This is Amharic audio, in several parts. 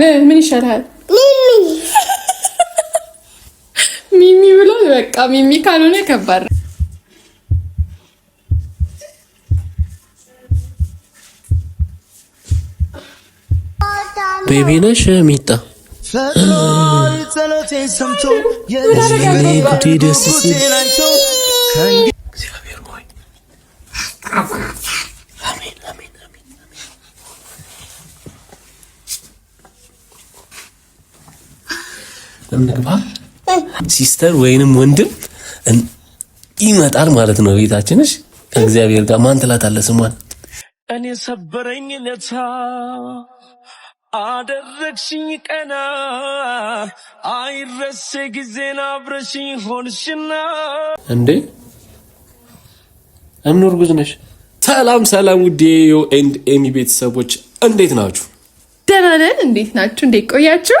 ምን ይሻላል? ሚሚ ብሏል በቃ ሚሚ ካልሆነ ከባድ ነው። ቤቢ ነሽ ሚጣ ደስ እንግባ ሲስተር ወይንም ወንድም ይመጣል ማለት ነው። ቤታችንሽ ከእግዚአብሔር ጋር ማን ትላታለህ? ስሟን እኔ ሰበረኝ ለታ አደረግሽኝ ቀና አይረሴ ጊዜና አብረሽኝ ሆንሽና እንዴ እምን እርጉዝ ነሽ? ሰላም ሰላም፣ ውዴ ዮ ኤንድ ኤሚ ቤተሰቦች እንዴት ናችሁ? ደህና ነን። እንዴት ናችሁ? እንዴት ቆያችሁ?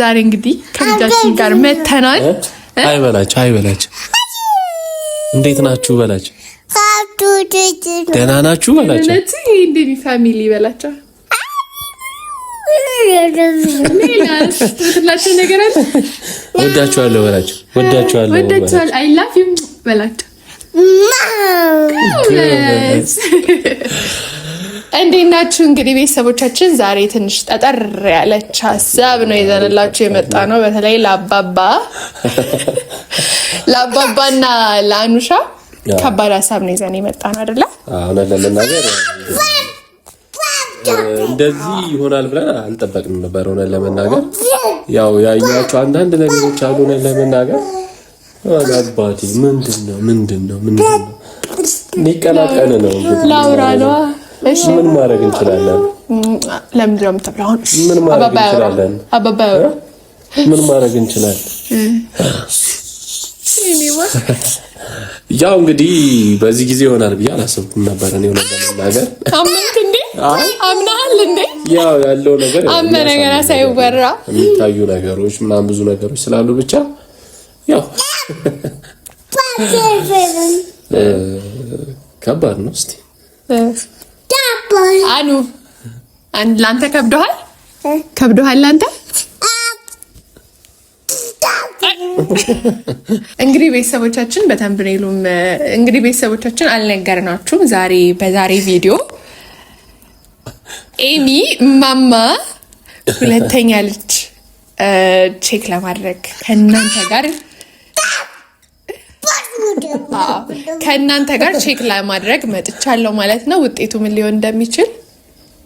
ዛሬ እንግዲህ ከልጃችን ጋር መተናል። አይ አይ አይበላችሁ፣ እንዴት ናችሁ በላችሁ፣ ደህና ናችሁ በላችሁ። እንዴት ፋሚሊ በላችሁ። ሌላላቸው ነገር አለ። ወዳችኋለሁ በላችሁ፣ ወዳችኋለሁ ወዳችኋለሁ፣ አይ ላቭ ዩ በላችሁ። እንዴት ናችሁ? እንግዲህ ቤተሰቦቻችን ዛሬ ትንሽ ጠጠር ያለች ሀሳብ ነው ይዘንላችሁ የመጣ ነው። በተለይ ለአባባ ለአባባና ለአኑሻ ከባድ ሀሳብ ነው ይዘን የመጣ ነው አይደለ? እውነት ለመናገር እንደዚህ ይሆናል ብለን አልጠበቅንም ነበር። እውነት ለመናገር ያው ያዩዋቸው አንዳንድ ነገሮች አሉ። እውነት ለመናገር አባቴ ምንድን ነው ምንድን ነው ምንድን ነው ሊቀላቀል ነው ላውራ ነዋ እሺ ምን ማድረግ እንችላለን? ለምንድን ነው የምታውቀው? ምን ማድረግ እንችላለን? ምን ማድረግ እንችላለን? ያው እንግዲህ በዚህ ጊዜ ይሆናል ብዬ አላሰብኩም ነበር። እኔ ሆነ ለመናገር አመንክ እንዴ? አምናል እንዴ? ያው ያለው ነገር አመነ ነገር ሳይወራ የሚታዩ ነገሮች ምናምን ብዙ ነገሮች ስላሉ ብቻ ያው ከባድ ነው። እስቲ አኑ ለአንተ ከብዶሃል? ከብዶሃል ለአንተ? እንግዲህ ቤተሰቦቻችን በተምብኔሉም እንግዲህ ቤተሰቦቻችን አልነገርናችሁም። ዛሬ በዛሬ ቪዲዮ ኤሚ ማማ ሁለተኛ ልጅ ቼክ ለማድረግ ከእናንተ ጋር ከእናንተ ጋር ቼክ ለማድረግ መጥቻለሁ ማለት ነው። ውጤቱ ምን ሊሆን እንደሚችል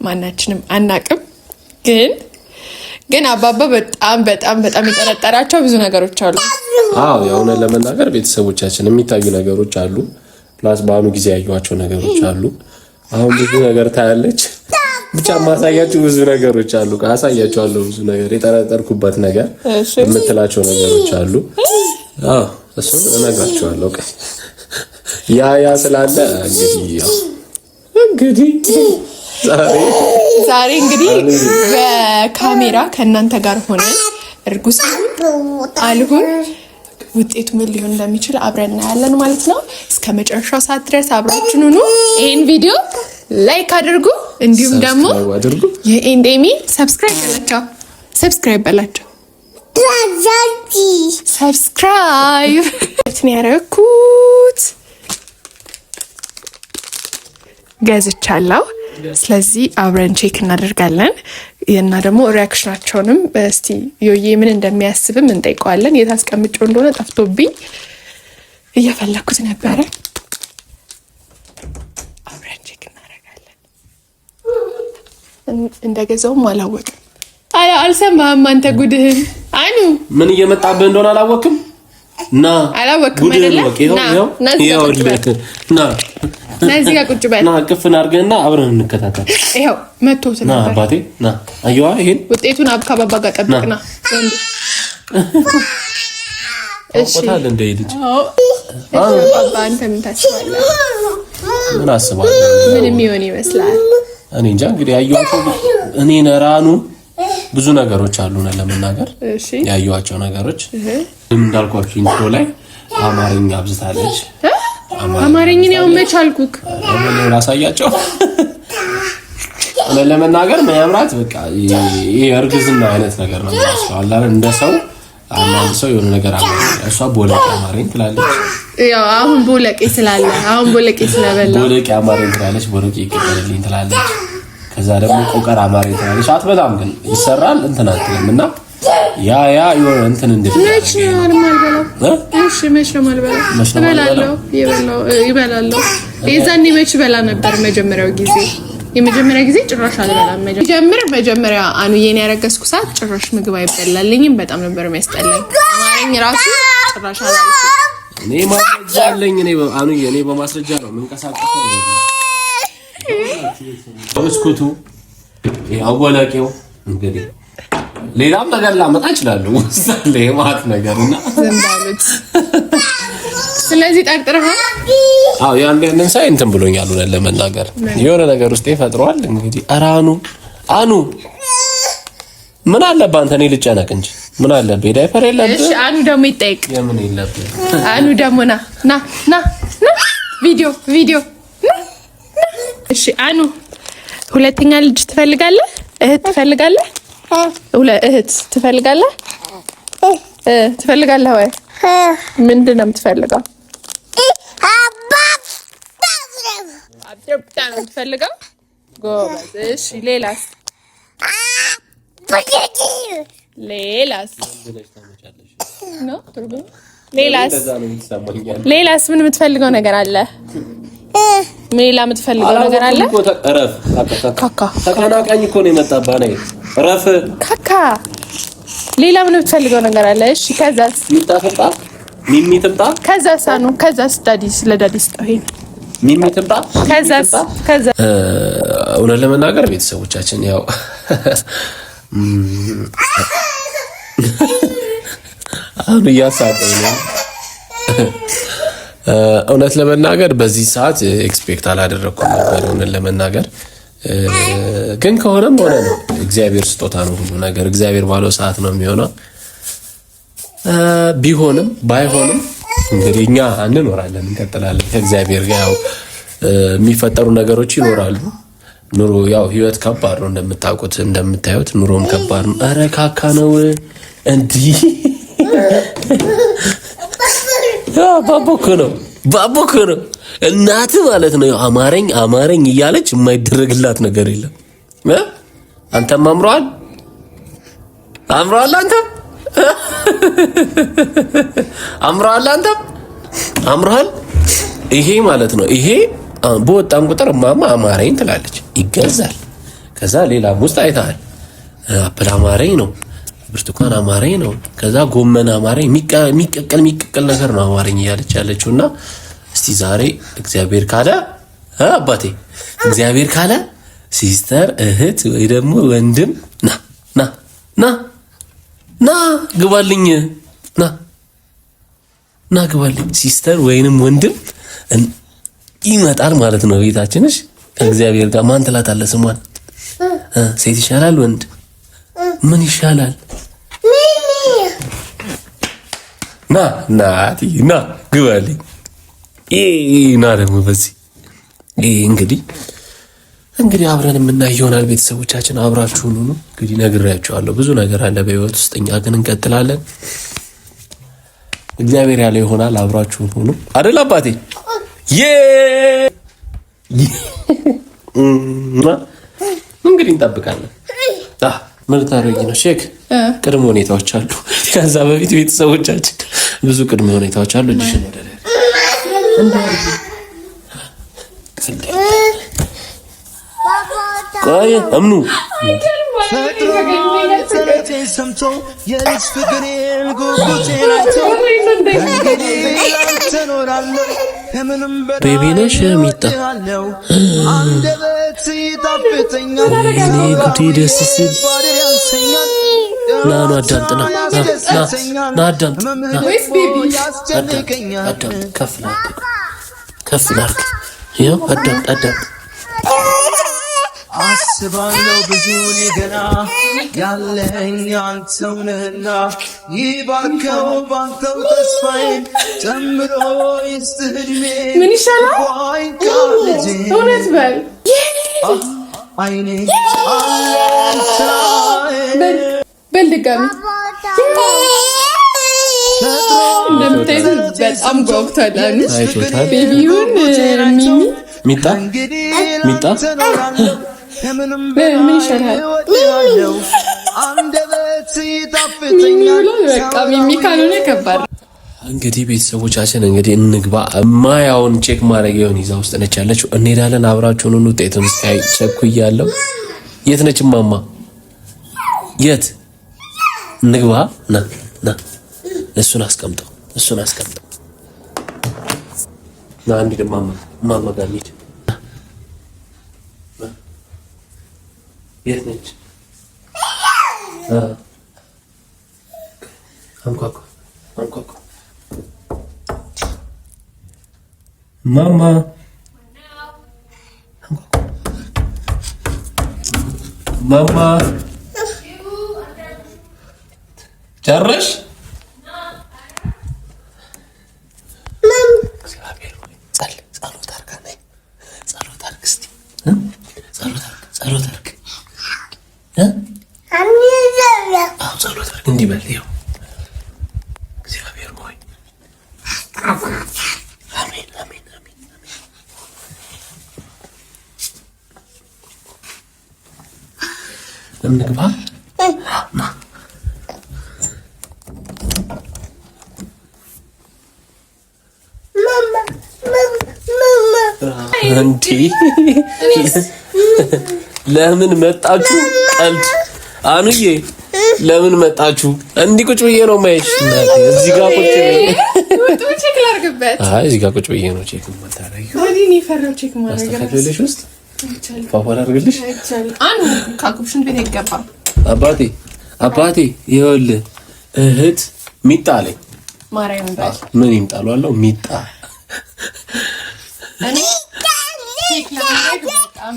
ማናችንም አናቅም። ግን ግን አባባ በጣም በጣም በጣም የጠረጠራቸው ብዙ ነገሮች አሉ። አዎ የሆነ ለመናገር ቤተሰቦቻችን የሚታዩ ነገሮች አሉ። ፕላስ በአሁኑ ጊዜ ያዩቸው ነገሮች አሉ። አሁን ብዙ ነገር ታያለች። ብቻ ማሳያችሁ ብዙ ነገሮች አሉ። አሳያችኋለሁ ብዙ ነገር የጠረጠርኩበት ነገር የምትላቸው ነገሮች አሉ። እሱን እነግራችኋለሁ። ያ ያ ስላለ እንግዲህ ያው እንግዲህ ዛሬ እንግዲህ በካሜራ ከእናንተ ጋር ሆነን እርጉስ አልሁን ውጤቱ ምን ሊሆን እንደሚችል አብረን እናያለን ማለት ነው። እስከ መጨረሻው ሰዓት ድረስ አብራችን ሁኑ። ይህን ቪዲዮ ላይክ አድርጉ፣ እንዲሁም ደግሞ የኤንድ ኤሚ ሰብስክራይብ በላቸው፣ ሰብስክራይብ በላቸው። ሰብስክራይብ የሚያደርጉት ገዝቻለሁ። ስለዚህ አብረን ቼክ እናደርጋለን እና ደግሞ ሪያክሽናቸውንም እስቲ ዮዬ ምን እንደሚያስብም እንጠይቀዋለን። የት አስቀምጬው እንደሆነ ጠፍቶብኝ እየፈለኩት ነበረ። አብረን ቼክ እናደርጋለን። እንደገዛውም አላወቅም። አይ አልሰማህም አንተ ጉድህን አኑ ምን እየመጣብህ እንደሆነ አላወቅም ና አላወቅም አይደለ ና ና ና ና አብረን እንከታተል ይኸው መቶት ነበር ና አባቴ ና አየዋ ይሄን ውጤቱን አብካ ጋር ጠብቅና ምን አስባለሁ ምን የሚሆን ይመስላል እኔ እንጃ እንግዲህ አየዋ እኔ ነራኑ ብዙ ነገሮች አሉ ለመናገር ያየኋቸው ነገሮች እንዳልኳችሁ ኢንትሮ ላይ አማርኛ አብዝታለች። አማርኝን ያው መቻልኩክ አልኩክ ላሳያቸው ለመናገር መያምራት በቃ ይሄ እርግዝና አይነት ነገር ነው ስለ እንደ ሰው አንዳንድ ሰው የሆነ ነገር አለ። እሷ ቦለቄ አማረኝ ትላለች። ያው አሁን ቦለቄ ስላለ አሁን ቦለቄ ስለበላ ቦለቄ አማረኝ ትላለች። ቦለቄ ይቀበልልኝ ትላለች። ከዛ ደግሞ ቆቀር አማራ ይተናል። ሻት በጣም ግን ይሰራል እንትን አትልም እና ያ ያ የሆነ እንትን እንዴት መች ነው የማልበላው? እሺ መች ነው የማልበላው? እበላለሁ፣ ይበላለሁ። የዛኔ መች በላ ነበር። መጀመሪያው ጊዜ የመጀመሪያ ጊዜ ጭራሽ አልበላም። መጀመር መጀመሪያ አኑዬን ያረገዝኩ ሰዓት ጭራሽ ምግብ አይበላልኝም። በጣም ነበር የሚያስጠላኝ። አማረኝ ራሱ ጭራሽ አላልኩም። እኔ ማስረጃ አለኝ። እኔ አኑዬ እኔ በማስረጃ ነው የምንቀሳቀሰው። እስኩቱ አወላቂው እንግዲህ ሌላም ነገር ላመጣ እችላለሁ። ወሳለ የማት ነገር እና ስለዚህ ጠርጥረሃል? አዎ ያን ያንን ሳይ እንትን ብሎኛል። ሆነ ለመናገር የሆነ ነገር ውስጤ ፈጥሯል። እንግዲህ ኧረ አኑ አኑ ምን አለብህ አንተ? እኔ ልጨነቅ እንጂ ምን አለብህ? ዳይፐር የለብህ። እሺ አኑ ደግሞ ይጠይቅ። የምን የለብህ? አኑ ደግሞ ና ና ና ቪዲዮ ቪዲዮ እሺ አኑ ሁለተኛ ልጅ ትፈልጋለህ? እህት ትፈልጋለህ? እህት ትፈልጋለህ? ትፈልጋለህ ወይ? ምንድን ነው የምትፈልገው? አብደብታ ነው የምትፈልገው? ሌላስ? ሌላስ? ሌላስ ምን የምትፈልገው ነገር አለ? ምን ሌላ የምትፈልገው ነገር አለ? እረፍ። ተቀናቃኝ እኮ ነው ነይ እረፍ። ካካ ሌላ ምን የምትፈልገው ነገር አለ? እሺ፣ ከዛስ? ሚሚ ትምጣ። ከዛስ? አኑ ከዛስ? ዳዲስ ለዳዲስ እውነት ለመናገር ቤተሰቦቻችን ያው አሁን እያሳቀኝ ነው እውነት ለመናገር በዚህ ሰዓት ኤክስፔክት አላደረግኩም ነበር። እውነት ለመናገር ግን ከሆነም ሆነ ነው። እግዚአብሔር ስጦታ ነው ሁሉ ነገር። እግዚአብሔር ባለው ሰዓት ነው የሚሆነው። ቢሆንም ባይሆንም እንግዲህ እኛ እንኖራለን፣ እንቀጥላለን ከእግዚአብሔር ጋር ያው የሚፈጠሩ ነገሮች ይኖራሉ። ኑሮ ያው ህይወት ከባድ ነው እንደምታውቁት፣ እንደምታዩት ኑሮም ከባድ ነው። ኧረ ካካ ነው እንዲህ ባቦክ ነው ባቦክ ነው እናት ማለት ነው። አማረኝ አማረኝ እያለች የማይደረግላት ነገር የለም። አንተም አምረዋል አምሯል አንተም አምሯል አንተም አምሯል። ይሄ ማለት ነው ይሄ በወጣን ቁጥር እማማ አማረኝ ትላለች፣ ይገዛል። ከዛ ሌላ ውስጥ አይተሃል አፕል አማረኝ ነው ብርቱካን አማረኝ ነው። ከዛ ጎመን አማረኝ የሚቀቀል የሚቀቀል ነገር ነው አማረኝ እያለች ያለችው እና እስቲ ዛሬ እግዚአብሔር ካለ አባቴ እግዚአብሔር ካለ ሲስተር እህት ወይ ደግሞ ወንድም ና ና ና ና ግባልኝ ና ና ግባልኝ ሲስተር ወይንም ወንድም ይመጣል ማለት ነው ቤታችንሽ። እግዚአብሔር ጋር ማን ትላታለህ? ስሟን ሴት ይሻላል ወንድ ምን ይሻላል? ና ናቲ ና ግባልኝ። ና ደግሞ በዚህ እንግዲህ እንግዲህ አብረን የምናይ ይሆናል። ቤተሰቦቻችን አብራችሁን ሁኑ። እንግዲህ ነግሬያችኋለሁ፣ ብዙ ነገር አለ በህይወት ውስጥ። እኛ ግን እንቀጥላለን። እግዚአብሔር ያለው ይሆናል። አብራችሁን ሁኑ አይደል አባቴ? እንግዲህ እንጠብቃለን። ምን ታደርጊ ነው ሼክ? ቅድመ ሁኔታዎች አሉ። ከዛ በፊት ቤተሰቦቻችን ብዙ ቅድመ ሁኔታዎች አሉ። እጅሽን ቆይ እምኑ ሰምቶ ቤቢ ነሽ ሚጣ ጉዴ ደስ ሲል ናኑ አዳምጥ ና ና አዳምጥ አዳምጥ ከፍ ላድርግ ከፍ ላድርግ ያው አዳምጥ አዳምጥ أحسب لو بجوني جناح يلا إني عدت من هنا يبقى وبقى وتصفين تمر يستهجمين من الشارع؟ وعين كارلجين ونتبل عيني بل بل دقامي እንደምታዩት በጣም ጓጉታላለች ቤቢውን ሚሚ ሚጣ ሚጣ ከምንም እንግዲህ ቤተሰቦቻችን እንግዲህ እንግባ ማያውን ቼክ ማድረግ የሆን ይዛ ውስጥ ነች ያለችው። እንሄዳለን አብራችሁን ውጤቱን ስታይ የት ነች ማማ? የት እንግባ? ና ና፣ እሱን አስቀምጠው፣ እሱን አስቀምጠው። ና እንሂድ ማማ፣ ማማ ጋር እንሂድ የት ነች? ማማ ማማ ጨረሽ? እንዴ! ለምን መጣችሁ? ቀልድ አኑዬ፣ ለምን መጣችሁ? እንዲህ ቁጭ ብዬ ነው ማየሽ። እዚህ ጋር ቁጭ ብዬ አይ፣ እዚህ ጋር ቁጭ ብዬ ነው ቼክ ማታረጊ። ወዲኒ ፈራው ቼክ ማረጋለሽ ውስጥ ፋፋላ አርግልሽ አኑ ካኩብሽን ቤት ይገባ። አባቴ አባቴ፣ ይኸውልህ እህት ሚጣ አለኝ። ማርያም ምን ይምጣሉ አለው ሚጣ ኬክ ለመሄድ በጣም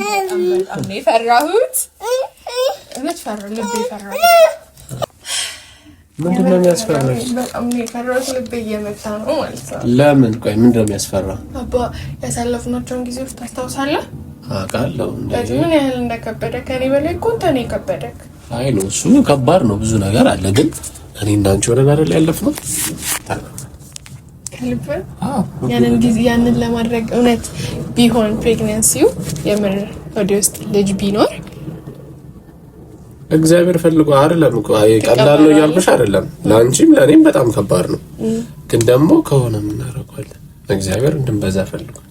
ልብ ምንድን ነው የሚያስፈራው? እየመታ ነው ለምን? ቆይ ምንድን ነው የሚያስፈራው? አባ ያሳለፍናቸውን ጊዜዎች ታስታውሳለህ? አውቃለሁ። ምን ያህል እንደከበደ ከኔ በላይ እኮ አንተ ነው የከበደክ። አይ ነው እሱ ከባድ ነው፣ ብዙ ነገር አለ። ግን እኔ እንዳንቺ ሆነን አይደል ያለፍነው ከልብ ያንን ጊዜ ያንን ለማድረግ እውነት ቢሆን ፕሬግነንሲው የምር ወደ ውስጥ ልጅ ቢኖር እግዚአብሔር ፈልጎ አይደለም እኮ ቀላል ነው እያልኩሽ አይደለም። ለአንቺም ለእኔም በጣም ከባድ ነው፣ ግን ደግሞ ከሆነ የምናደርገዋለን። እግዚአብሔር እንድንበዛ ፈልጓል።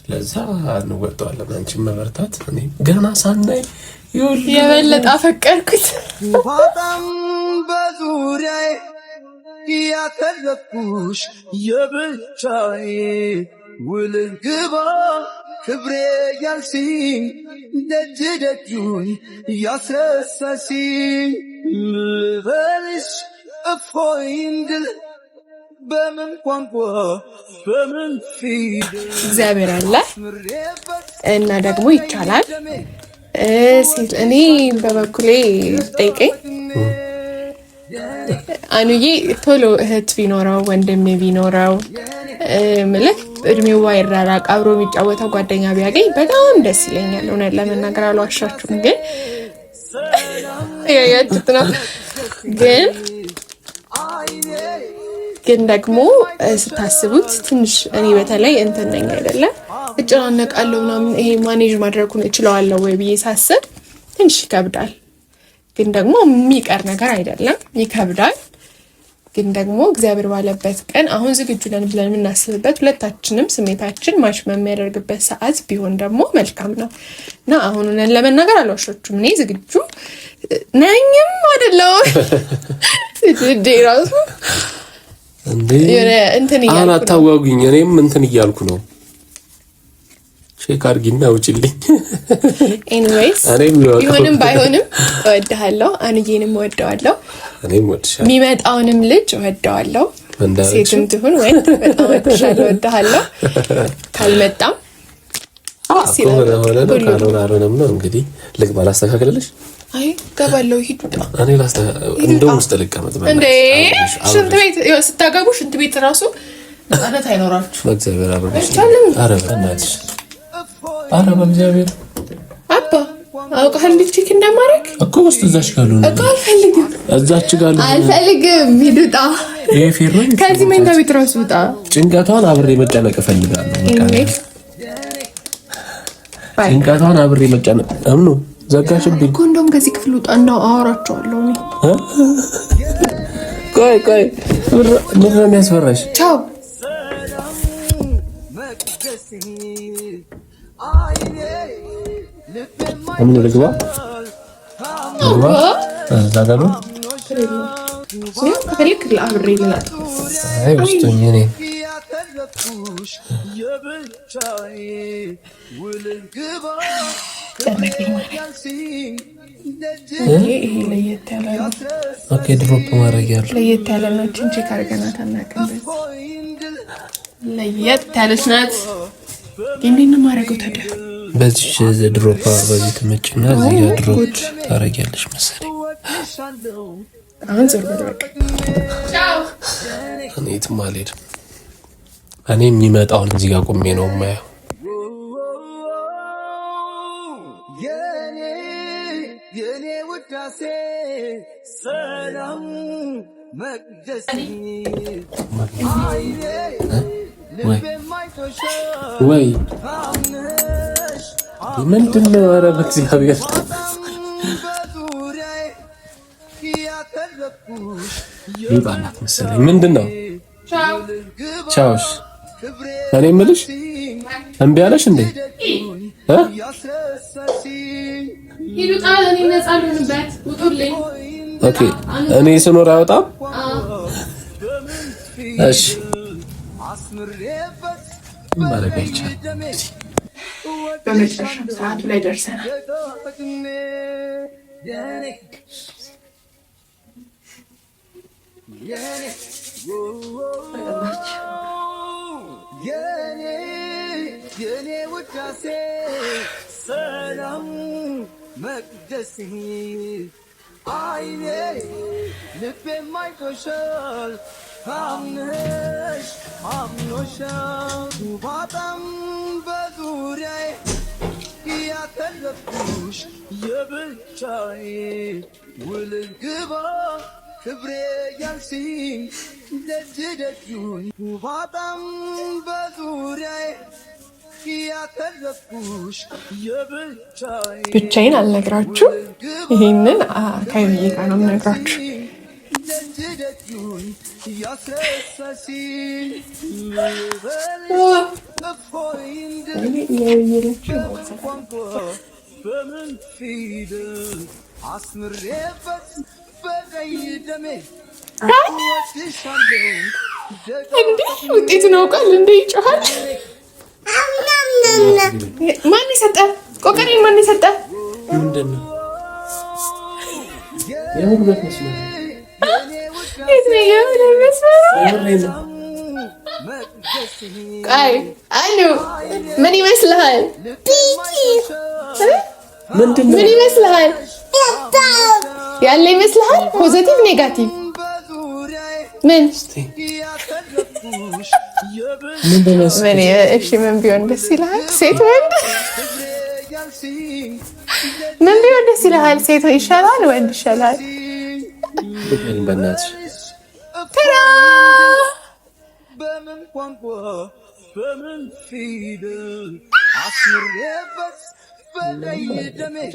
ስለዛ እንወጣዋለን። አንቺም መበርታት እኔ ገና ሳናይ የበለጠ አፈቀርኩት በጣም በዙሪያዬ ያተረፍኩሽ የብቻዬ ውልን ግባ ክብሬ ያልሽኝ ደጅ ደጁን ያስረሳሽኝ ልበልሽ እፎይ በምን ቋንቋ በምን ፊደል እግዚአብሔር አለ እና ደግሞ ይቻላል። እኔ በበኩሌ ጠይቀኝ አኑዬ ቶሎ እህት ቢኖረው ወንድም ቢኖረው ምልክ እድሜው ይራራቅ አብሮ የሚጫወተው ጓደኛ ቢያገኝ በጣም ደስ ይለኛል። እውነት ለመናገር አልዋሻችሁም፣ ግን ያያችሁት ነው። ግን ግን ደግሞ ስታስቡት ትንሽ እኔ በተለይ እንትን ነኝ አይደለም እጨናነቃለሁ ምናምን። ይሄ ማኔጅ ማድረጉን እችለዋለሁ ወይ ብዬ ሳስብ ትንሽ ይከብዳል። ግን ደግሞ የሚቀር ነገር አይደለም። ይከብዳል፣ ግን ደግሞ እግዚአብሔር ባለበት ቀን አሁን ዝግጁ ነን ብለን የምናስብበት ሁለታችንም ስሜታችን ማሽ የሚያደርግበት ሰዓት ቢሆን ደግሞ መልካም ነው እና አሁን ነን ለመናገር አልዋሾቹም። እኔ ዝግጁ ነኝም አይደለሁም ራሱ እንትን አሁን አታዋጉኝ፣ እኔም እንትን እያልኩ ነው ሼክ አርጊና ውጭልኝ። ኤኒዌይስ ቢሆንም ባይሆንም እወድሃለሁ፣ አንዬንም እወደዋለሁ፣ የሚመጣውንም ልጅ እወደዋለሁ። ሴትም ትሁን ወይ በጣም እወድሻለሁ፣ እወድሃለሁ። ካልመጣም ካልሆነ አልሆነም ነው እንግዲህ። ልግባ ላስተካክልልሽ። አይ ገባለሁ። ሂዱ እኔ እንደው ውስጥ ልቀመጥ እንዴ? ሽንት ቤት ስታገቡ ሽንት ቤት ራሱ ነት አይኖራችሁ በእግዚአብሔር አረብ አረ በእግዚአብሔር አባ አውቃህ እንዴት ቼክ እንደማደርግ እኮ ውስጥ እዛች ጋር ነው እኮ አልፈልግም፣ እዛች ጋር ነው አልፈልግም። ሂድ ውጣ፣ ይሄ ፌሮ ከዚህ መኝታ ቤት እራሱ ውጣ። ጭንቀቷን አብሬ መጨነቅ እፈልጋለሁ። ጭንቀቷን አብሬ መጨነቅ እምኑ ዘጋሽብኝ እኮ እንደውም ከዚህ ክፍል ውጣ እና አወራቸዋለሁ። ቆይ ቆይ፣ ምንድን ነው የሚያስፈራሽ? ቻው ምን ልግባ እዛ ጋር ድሮፕ ማድረግ ያለው ለየት ያለ ነው። ቼክ አድርገናት አናውቅም። ለየት ያለች ናት። እንዴት ነው ማድረገው ታዲያ? በዚህ ድሮፓ በዚህ ተመጭና እዚህ ጋ ድሮፕ ታረጊያለሽ መሰለኝ። እኔ የትም አልሄድም። እኔ የሚመጣውን እዚህ ጋ ቁሜ ነው የማየው። ሰላም መቅደስ ወይ ምንድን ነው? ኧረ በእግዚአብሔር ሊጣ መሰለኝ። ምንድን ነው? ቻውሽ እኔ የምልሽ እምቢ አለሽ እንዴ? እኔ ስኖር አይወጣም። እሺ Bunları geçer. Mehmetler, saat bile edersene. Selam mekdesi Aynı Lütfen may koşar አምነሽ አምኖሻው ባጣም በዙሪያዬ ያተለፍኩሽ የብቻዬ ውልግባ ክብሬ ያልሽኝ ደጅ ደጁን ባጣም በዙሪያዬ ብቻዬን አልነግራችሁ። ይህንን ከዩዬ ጋር ነው የምነግራችሁ። ውጤት ነው ቃል እንደ ይጮሃል። ማን የሰጠ ቆቀሬን? ማን የሰጠ ምንድን ነው? እንዴት ነው ምን ይመስልሃል? ምን ይመስልሃል? ያለ ይመስልሃል? ፖዘቲቭ ኔጋቲቭ ምን እሺ፣ ምን ቢሆን ደስ ይልሃል? ሴት ወንድ? ምን ቢሆን ደስ ይልሃል? ሴት ይሻላል ወንድ ይሻላል? በምን ቋንቋ በምን ፊደል አስሬበት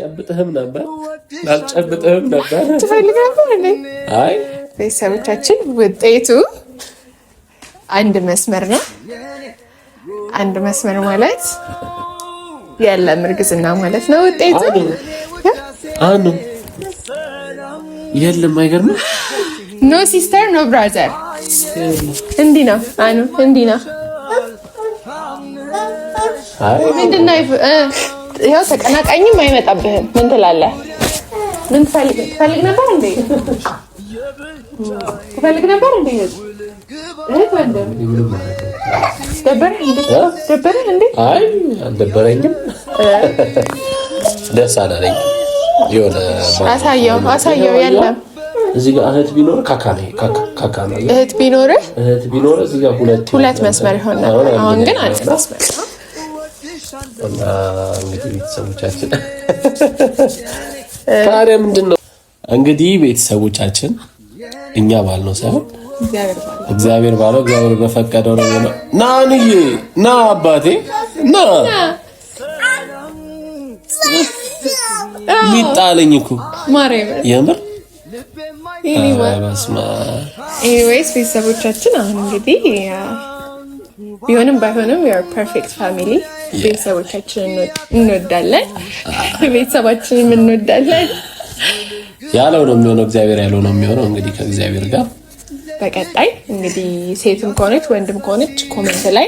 ጨብጥህም ነበር ላልጨብጥህም ነበር ትፈልግ ነበር አይ ቤተሰቦቻችን ውጤቱ አንድ መስመር ነው። አንድ መስመር ማለት የለም እርግዝና ማለት ነው። ውጤቱ አኑ የለም አይገርምም። ኖ ሲስተር ኖ ብራዘር እንዲህ ነው አኑ እንዲህ ነው። ምንድን ነው ያው ተቀናቃኝም አይመጣብህም። ምን ትላለህ? ምን ትፈልግ ትፈልግ ነበር እንዴ? ትፈልግ ነበር እንዴ? እህት እንዴ? ደበረህ እንዴ? አይ አልደበረኝም። ደስ አላለኝ። የሆነ አሳየው አሳየው የለም እዚህ ጋር እህት ቢኖር ካካ ነው። ካካ ነው እህት ቢኖር እህት ቢኖር እዚህ ጋር ሁለት ሁለት መስመር ይሆናል። አሁን ግን አንድ መስመር እና እንግዲህ ቤተሰቦቻችን ታዲያ ምንድን ነው እንግዲህ ቤተሰቦቻችን እኛ ባል ነው ሳይሆን እግዚአብሔር ባለው እግዚአብሔር በፈቀደው ነው ነው ናንዬ ና አባቴ ና ሚጣለኝ እኮ የምር ኤኒዌይስ ቤተሰቦቻችን አሁን እንግዲህ ቢሆንም ባይሆንም ፐርፌክት ፋሚሊ ቤተሰቦቻችን እንወዳለን፣ ቤተሰባችንም እንወዳለን። ያለው ነው የሚሆነው፣ እግዚአብሔር ያለው ነው የሚሆነው። እንግዲህ ከእግዚአብሔር ጋር በቀጣይ እንግዲህ ሴትም ከሆነች ወንድም ከሆነች ኮሜንት ላይ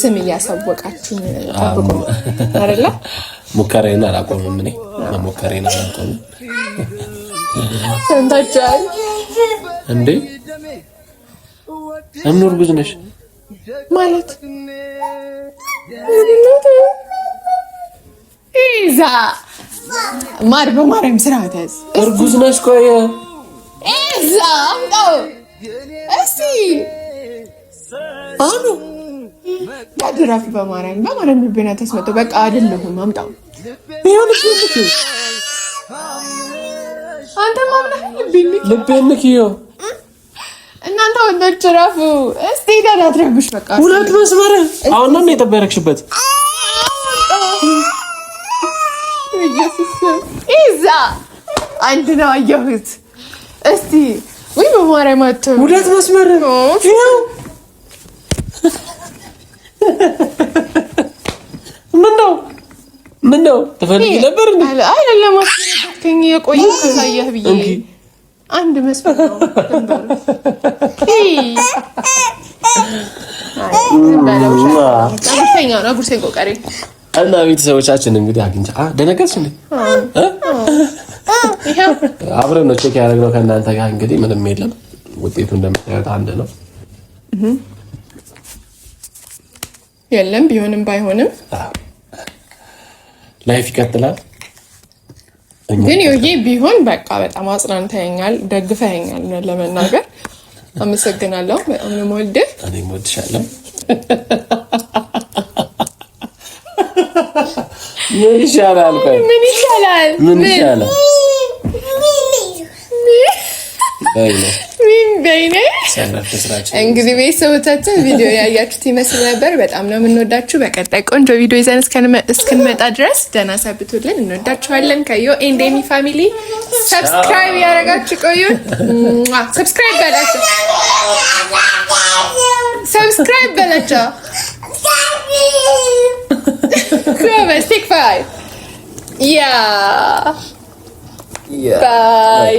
ስም እያሳወቃችሁን ጠብቁ። አይደለ ሙከሬን አላቆምም እኔ መሞከሬን አላቆምም። ሰምታችኋል እንዴ? እምኑ እርጉዝ ነሽ ማለት ኢዛ ማር በማርያም ስርዓት ያዝ። እርጉዝ ነሽ? ቆይ ኢዛ አምጣው እስቲ አኑ ያድራፊ በማርያም በማርያም ልቤና ተስመቶ በቃ አይደለሁም አምጣው ይሁን አንተ ማምነህ ልቤን ንኪዮ እናንተ ወንዶች እረፉ። እስቲ ጋር አትረብሽ። በቃ ሁለት መስመር አሁን ነው የተበረክሽበት። ኢዛ አንድ ነው አየሁት። እስቲ ወይ በማርያም ሁለት መስመር ነው ምን ነው ተፈልጊ ነበር እንዴ? አይ ለማስተካከኝ የቆየ ከሳየህ ብዬ አንድ መስፈር ነው ነበር። እና ቤተሰቦቻችን እንግዲህ አግኝቼ ደነገጥሽ እንዴ? አብረን ነው ቼክ ያደረግነው ከእናንተ ጋር እንግዲህ ምንም የለም። ውጤቱ እንደምታዩት አንድ ነው። የለም ቢሆንም ባይሆንም ላይፍ ይቀጥላል። ግን ይሄ ቢሆን በቃ በጣም አጽናንተኛል፣ ደግፈኛል። ለመናገር አመሰግናለሁ። በጣም ነው እኔ እወድሻለሁ። ምን ይሻላል? ምን ይሻላል? ምን ይሻላል? ምን በይኔ እንግዲህ ቤተሰቦቻችን ቪዲዮ ያያችሁት ይመስል ነበር። በጣም ነው የምንወዳችሁ። በቀጣይ ቆንጆ ቪዲዮ ይዘን እስክንመጣ ድረስ ደህና ሰብቱልን። እንወዳችኋለን። ከዮ ኤንድ ኤሚ ፋሚሊ ሰብስክራይብ ያደረጋችሁ ቆዩን። ሰብስክራይብ በላቸው፣ ሰብስክራይብ በላቸው። ቴክ ፋይቭ ያ ባይ